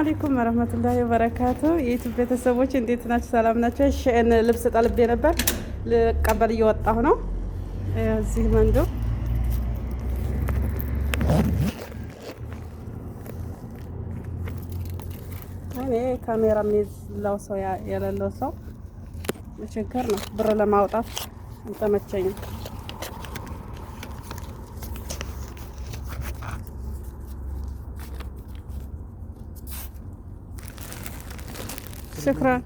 አሌይኩም ወረህመቱላሂ ወበረካቱ የዩቲዩብ ቤተሰቦች እንዴት ናቸው? ሰላም ናቸው? ሸን ልብስ ጠልቤ ነበር ልቀበል እየወጣሁ ነው። እዚህ መንዶ እኔ ካሜራ የሚይዝለው ሰው የሌለው ሰው ችግር ነው። ብር ለማውጣት እንተመቸኝም شكرا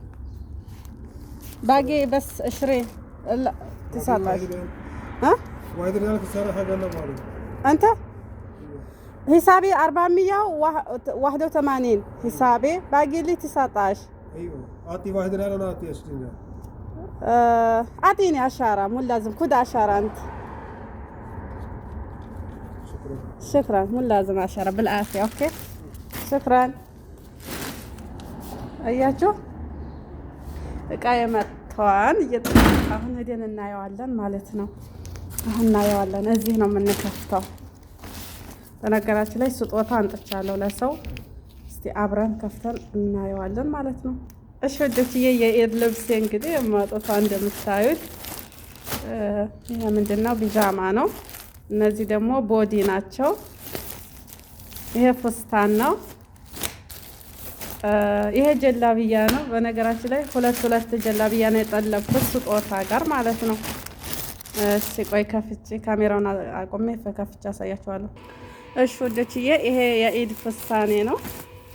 باقي بس 20 لا 19 ها؟ واحد ريال خساره حاجه انا انت؟ حسابي 481 حسابي باقي لي 19 ايوه اعطي واحد ريال ولا اعطي 20 ريال اعطيني 10 مو لازم خذ 10 انت شكرا مو لازم 10 بالعافيه اوكي شكرا اياتو እቃ የመጥተዋን አሁን ሄደን እናየዋለን ማለት ነው። አሁን እናየዋለን። እዚህ ነው የምንከፍተው። በነገራችን ላይ ስጦታ አንጥቻለሁ ለሰው። እስቲ አብረን ከፍተን እናየዋለን ማለት ነው። እሺ ወደችዬ የኢድ ልብሴ እንግዲህ የማጦታ እንደምታዩት ይሄ ምንድን ነው? ቢጃማ ነው። እነዚህ ደግሞ ቦዲ ናቸው። ይሄ ፉስታን ነው። ይሄ ጀላብያ ነው። በነገራችን ላይ ሁለት ሁለት ጀላብያ ነው የጠለብኩት ስጦታ ጋር ማለት ነው። እሺ ቆይ ከፍቼ ካሜራውን አቆሜ ከፍቼ አሳያችኋለሁ። እሺ ወደችዬ ይሄ የኢድ ፍሳኔ ነው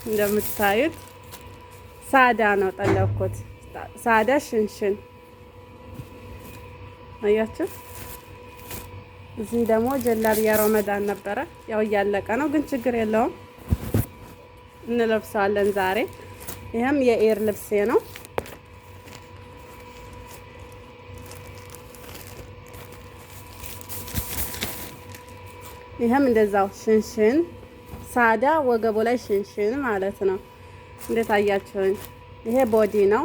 እንደምታዩት ሳዳ ነው ጠለብኩት። ሳዳ ሽንሽን አያችሁ። እዚህ ደግሞ ጀላብያ ረመዳን ነበረ። ያው እያለቀ ነው ግን ችግር የለውም። እንለብሰዋለን ዛሬ። ይህም የኤር ልብሴ ነው። ይህም እንደዛው ሽንሽን ሳዳ ወገቡ ላይ ሽንሽን ማለት ነው። እንዴት ይሄ ቦዲ ነው።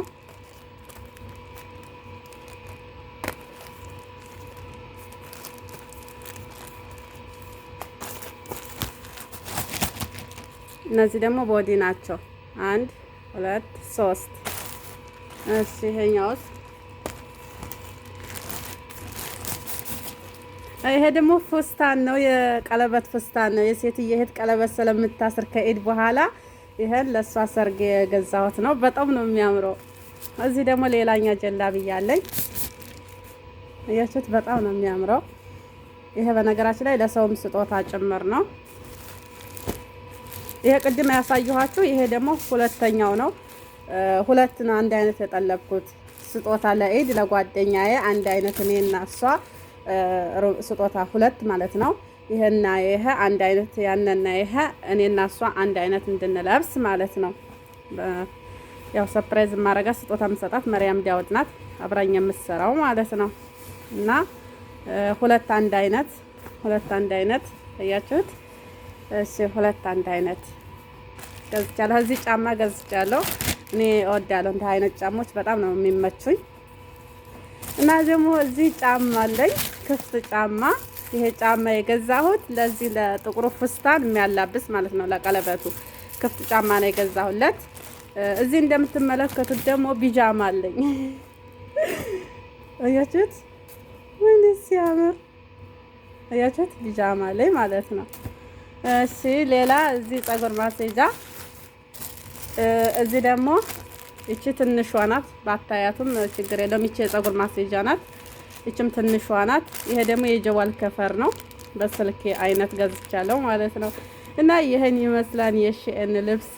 እነዚህ ደግሞ ቦዲ ናቸው። አንድ ሁለት ሶስት። እሺ ይሄኛውስ? ይሄ ደግሞ ፍስታን ነው፣ የቀለበት ፍስታን ነው። የሴትዬ እህት ቀለበት ስለምታስር ከኢድ በኋላ ይሄን ለእሷ ሰርግ የገዛሁት ነው። በጣም ነው የሚያምረው። እዚህ ደግሞ ሌላኛ ጀላ ብያለኝ። እያችሁት በጣም ነው የሚያምረው። ይሄ በነገራችን ላይ ለሰውም ስጦታ ጭምር ነው። ይሄ ቅድም ያሳየኋችሁ፣ ይሄ ደግሞ ሁለተኛው ነው። ሁለት ነው አንድ አይነት የጠለብኩት ስጦታ ለኢድ ለጓደኛዬ አንድ አይነት እና እሷ ስጦታ ሁለት ማለት ነው። ይሄና ይሄ አንድ አይነት ያነና ይሄ እና እሷ አንድ አይነት እንድንለብስ ማለት ነው። ያው ሰርፕራይዝ ማረጋ ስጦታ ሰጣት መርያም ዳውድ ናት አብራኝ የምትሰራው ማለት ነው። እና ሁለት አንድ አይነት ሁለት አንድ አይነት እያችሁት እሺ ሁለት አንድ አይነት ገዝቻለሁ። እዚህ ጫማ ገዝቻለሁ። እኔ እወዳለሁ እንደ አይነት ጫማዎች በጣም ነው የሚመቹኝ። እና ደግሞ እዚህ ጫማ አለኝ፣ ክፍት ጫማ። ይሄ ጫማ የገዛሁት ለዚህ ለጥቁሩ ፍስታን የሚያላብስ ማለት ነው፣ ለቀለበቱ ክፍት ጫማ ነው የገዛሁለት። እዚህ እንደምትመለከቱት ደግሞ ቢጃማ አለኝ። አያችሁት? ሲያምር! አያችሁት? ቢጃማ አለኝ ማለት ነው። እሺ ሌላ እዚህ ፀጉር ማስያዣ እዚህ ደግሞ እቺ ትንሿ ናት። ባታያቱም ችግር የለም። እቺ የፀጉር ማስያዣ ናት። እቺም ትንሿ ናት። ይሄ ደግሞ የጀዋል ከፈር ነው። በስልኬ አይነት ገዝቻለሁ ማለት ነው። እና ይህን ይመስላል የሽኤን ልብሴ።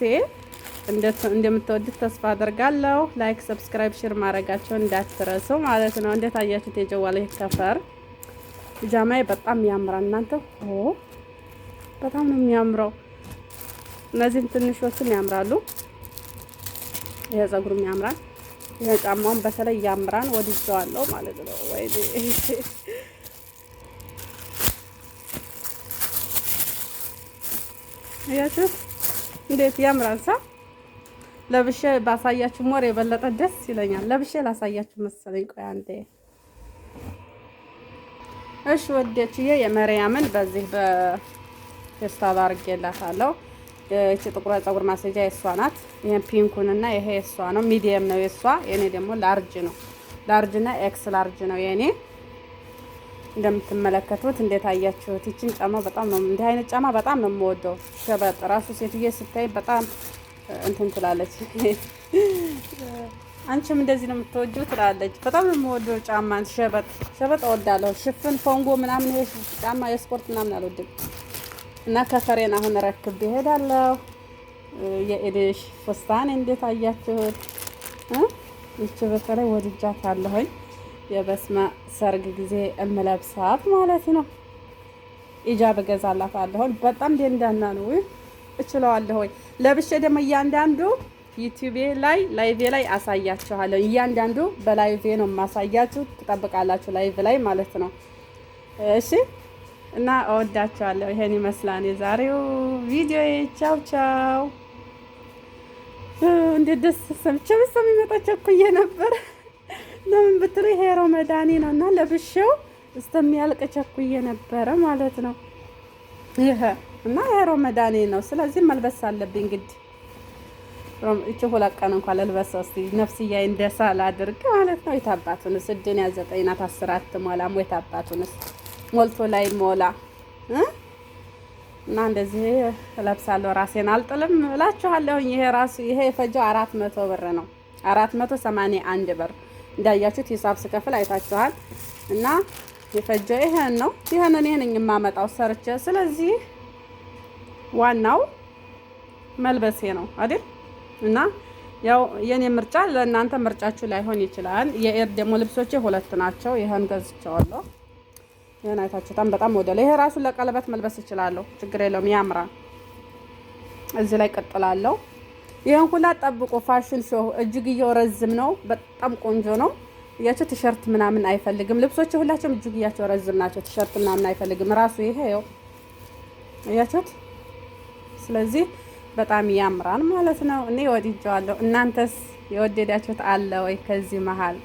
እንደምትወዱት ተስፋ አደርጋለሁ። ላይክ፣ ሰብስክራይብ፣ ሼር ማድረጋቸውን እንዳትረሱ ማለት ነው። እንዴት አያችሁት? የጀዋል ከፈር ጃማዬ በጣም ያምራል እናንተ በጣም ነው የሚያምረው። እነዚህም ትንሾችም ያምራሉ። የፀጉሩም ያምራል። ጫማውም በተለይ ያምራን ወድጀዋለሁ ማለት ነው። ወይ እያችሁ እንዴት ያምራል ሳ ለብሼ ባሳያችሁ ሞር የበለጠ ደስ ይለኛል። ለብሼ ላሳያችሁ መሰለኝ። ቆይ አንዴ እሺ፣ ወደችዬ የመሪያምን በዚህ በ ፌስታል አድርጌላታለሁ። እቺ ጥቁር ፀጉር ማስያዣ የእሷ ናት። ይሄን ፒንኩን እና ይሄ የእሷ ነው። ሚዲየም ነው የእሷ። የኔ ደግሞ ላርጅ ነው። ላርጅ እና ኤክስ ላርጅ ነው የኔ። እንደምትመለከቱት እንዴት አያችሁት? ይችን ጫማ በጣም ነው እንዲህ አይነት ጫማ በጣም ነው የምወደው። ሸበጥ ራሱ ሴትዬ ስታይ በጣም እንትን ትላለች። አንቺም እንደዚህ ነው የምትወጂው ትላለች። በጣም ነው የምወደው ጫማ ሸበጥ ሸበጥ እወዳለሁ። ሽፍን ፎንጎ ምናምን ጫማ የስፖርት ምናምን አልወድም። እና ከፈሬን አሁን ረክብ ይሄዳለሁ። የኢድሽ ፍስታን እንዴት አያችሁት? ይቺ በተለይ ወድጃታለሁኝ። የበስማ ሰርግ ጊዜ እምለብሳት ማለት ነው። ኢጃብ እገዛላታለሁኝ። በጣም ደንዳና ነው፣ እችለዋለሁኝ። ለብሼ ደግሞ እያንዳንዱ ዩቲዩቤ ላይ ላይቬ ላይ አሳያችኋለሁ። እያንዳንዱ በላይቬ ነው የማሳያችሁ። ትጠብቃላችሁ ላይቭ ላይ ማለት ነው። እሺ እና እወዳቸዋለሁ። ይሄን ይመስላል የዛሬው ቪዲዮ። ቻው ቻው። እንዴት ደስ ሰምቼው ሰም ይመጣቸው እኩዬ ነበር። ለምን ብትሉ ይሄ ሮመዳኒ ነው እና ለብሼው እስከሚያልቅ ቸኩዬ ነበረ ማለት ነው። ይሄ እና ይሄ ሮመዳኒ ነው። ስለዚህ መልበስ አለብኝ ግድ እቺ ሁለት ቀን እንኳን ልልበስ እስቲ ነፍስያ እንደሳል አድርግ ማለት ነው። የታባቱንስ እድን ያዘጠኝናት አስራት ሞላም የታባቱንስ ሞልቶ ላይ ሞላ እና እንደዚህ እለብሳለሁ። ራሴን አልጥልም እላችኋለሁኝ። ይሄ ራሱ ይሄ የፈጀው አራት መቶ ብር ነው። አራት መቶ ሰማንያ አንድ ብር እንዳያችሁት ሂሳብ ስከፍል አይታችኋል። እና የፈጀው ይሄን ነው። ይሄንን ይሄን የማመጣው ሰርቼ ስለዚህ ዋናው መልበሴ ነው አይደል? እና ያው የኔ ምርጫ ለእናንተ ምርጫችሁ ላይሆን ይችላል። የኤር ደግሞ ልብሶቼ ሁለት ናቸው። ይሄን ገዝቼዋለሁ። የሆነ አይታችሁታም። በጣም ወደ ላይ ይሄ ራሱ ለቀለበት መልበስ እችላለሁ፣ ችግር የለውም። ያምራል። እዚህ ላይ ቀጥላለሁ። ይሄን ሁላ ጠብቆ ፋሽን ሾ እጅግየው ረዝም ነው፣ በጣም ቆንጆ ነው። ያቸው ቲሸርት ምናምን አይፈልግም። ልብሶች ሁላቸውም እጅግያቸው ረዝም ናቸው። ቲሸርት ምናምን አይፈልግም ራሱ ይሄ ያው ያችሁት። ስለዚህ በጣም ያምራል ማለት ነው። እኔ ወድጀዋለሁ። እናንተስ የወደዳችሁት አለ ወይ ከዚህ መሀል?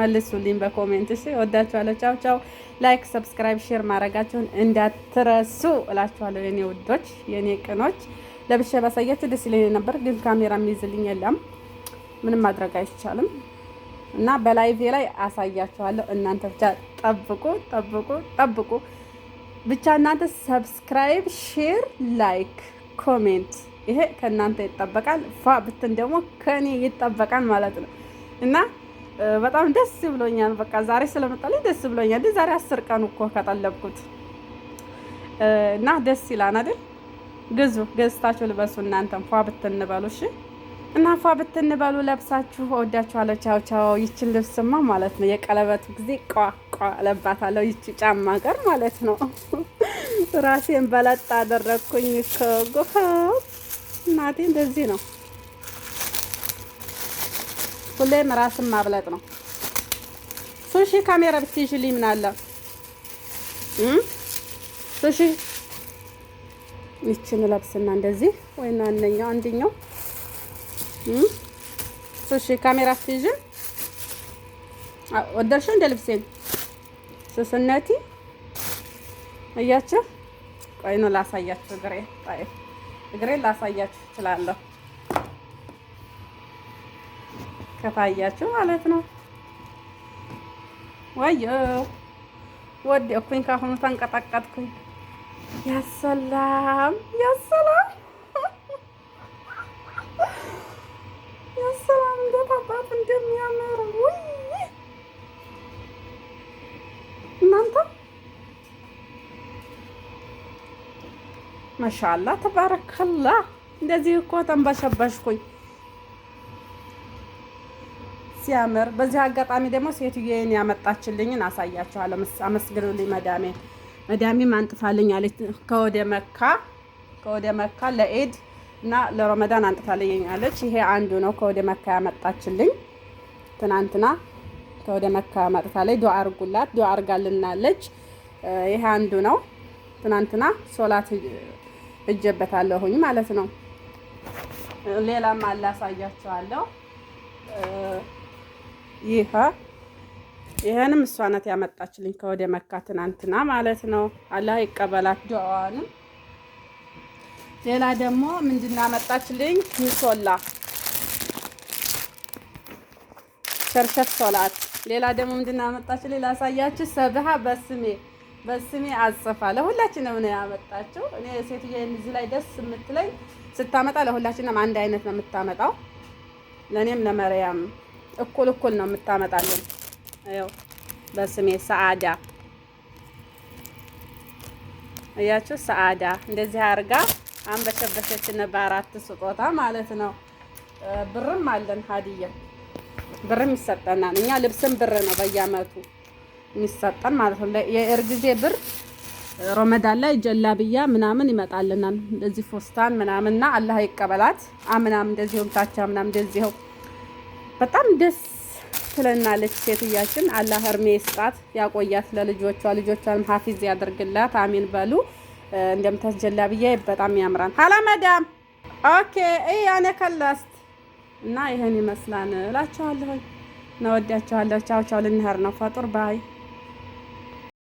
መልሱልኝ በኮሜንት እሺ። ወዳችኋለሁ። ቻው ቻው። ላይክ፣ ሰብስክራይብ፣ ሼር ማድረጋችሁን እንዳትረሱ እላችኋለሁ። የኔ ውዶች፣ የኔ ቅኖች፣ ለብሼ ባሳያችሁ ደስ ይለኝ ነበር፣ ግን ካሜራ የሚይዝልኝ የለም። ምንም ማድረግ አይቻልም እና በላይቬ ላይ አሳያችኋለሁ። እናንተ ብቻ ጠብቁ፣ ጠብቁ፣ ጠብቁ ብቻ እናንተ ሰብስክራይብ፣ ሼር፣ ላይክ፣ ኮሜንት ይሄ ከእናንተ ይጠበቃል። ፏ ብትን ደግሞ ከኔ ይጠበቃል ማለት ነው እና በጣም ደስ ብሎኛል። በቃ ዛሬ ስለመጣልኝ ደስ ብሎኛል። ዛሬ አስር ቀን እኮ ከጠለብኩት እና ደስ ይላል አይደል? ግዙ፣ ገዝታችሁ ልበሱ። እናንተም ፏ ብትንበሉ እሺ። እና ፏ ብትንበሉ ለብሳችሁ። እወዳችኋለሁ። ቻው ቻው። ይችን ልብስማ ማለት ነው የቀለበቱ ጊዜ ቋ ቋ ለባታለሁ። ይቺ ጫማ ጋር ማለት ነው ራሴን በለጥ አደረግኩኝ እኮ እናቴ። እንደዚህ ነው ሁሌም ራስን ማብለጥ ነው። ሱሺ ካሜራ ብትይዥልኝ ምን አለ? ሱሺ ይችን ለብስና እንደዚህ ወይና አንደኛው አንድኛው ሱሺ ካሜራ ብትይዥ ወደርሽ እንደ ልብሴን ስስነቲ እያችሁ ቆይ ነው ላሳያችሁ። እግሬ እግሬን ላሳያችሁ እችላለሁ። ከታያችሁ ማለት ነው። ወዮ ወደኩኝ፣ ካሁኑ ተንቀጠቀጥኩኝ። ያሰላም ያሰላም ያሰላም! እንዴት አባት እንደሚያምር ውይ! እናንተ ማሻአላ ተባረከላ። እንደዚህ እኮ ተንበሸበሽኩኝ። ሲያምር። በዚህ አጋጣሚ ደግሞ ሴትዬን ያመጣችልኝን አሳያችኋለሁ። አመስግኑልኝ መዳሜ። መዳሜ አንጥፋልኝ አለች ከወደ መካ ከወደ መካ ለኤድ እና ለረመዳን አንጥፋልኝ አለች። ይሄ አንዱ ነው ከወደ መካ ያመጣችልኝ ትናንትና ከወደ መካ ማጥታ ላይ ዱዓ አርጉላት ዱዓ አርጋልናለች። ይሄ አንዱ ነው። ትናንትና ሶላት እጀበታለሁኝ ማለት ነው። ሌላም አላሳያችኋለሁ። ይህ ይህንም እሷ ናት ያመጣችልኝ ከወደ መካ ትናንትና ማለት ነው። አላህ ይቀበላት ዱዓዋንም። ሌላ ደግሞ ምንድን ያመጣችልኝ ሶላ ሸርሸፍ ሶላት። ሌላ ደግሞ ምንድን ያመጣችልኝ ላሳያችሁ። ሰብሃ በስሜ በስሜ አጽፋ ለሁላችንም ነው ያመጣችው። እኔ ሴትዬ እዚህ ላይ ደስ የምትለኝ ስታመጣ ለሁላችንም አንድ አይነት ነው የምታመጣው ለእኔም ለመሪያም እኩል እኩል ነው የምታመጣለን። ያው በስሜ ሰዓዳ እያችሁ ሰዓዳ እንደዚህ አድርጋ አንበሸበሸችን በአራት ስጦታ ማለት ነው። ብርም አለን ሀዲያ ብርም ይሰጠናል። እኛ ልብስም ብር ነው በየአመቱ የሚሰጠን ማለት ነው። የእርግዜ ብር ሮመዳን ላይ ጀላብያ ምናምን ይመጣልናል። እንደዚህ ፎስታን ምናምንና አላህ ይቀበላት። አምናም እንደዚሁም ታቻ ምናም እንደዚሁ በጣም ደስ ትለናለች ሴትያችን። አላህ እርሜ ስጣት ያቆያት ለልጆቿ ልጆቿንም ሀፊዝ ያደርግላት። አሚን በሉ። እንደምታስጀላ ብዬ በጣም ያምራል። ሀላ መዳም ኦኬ እያነ ከላስት እና ይህን ይመስላል እላችኋለሁ። እናወዳችኋለሁ። ቻው ቻው። ልንሄድ ነው። ፈጡር ባይ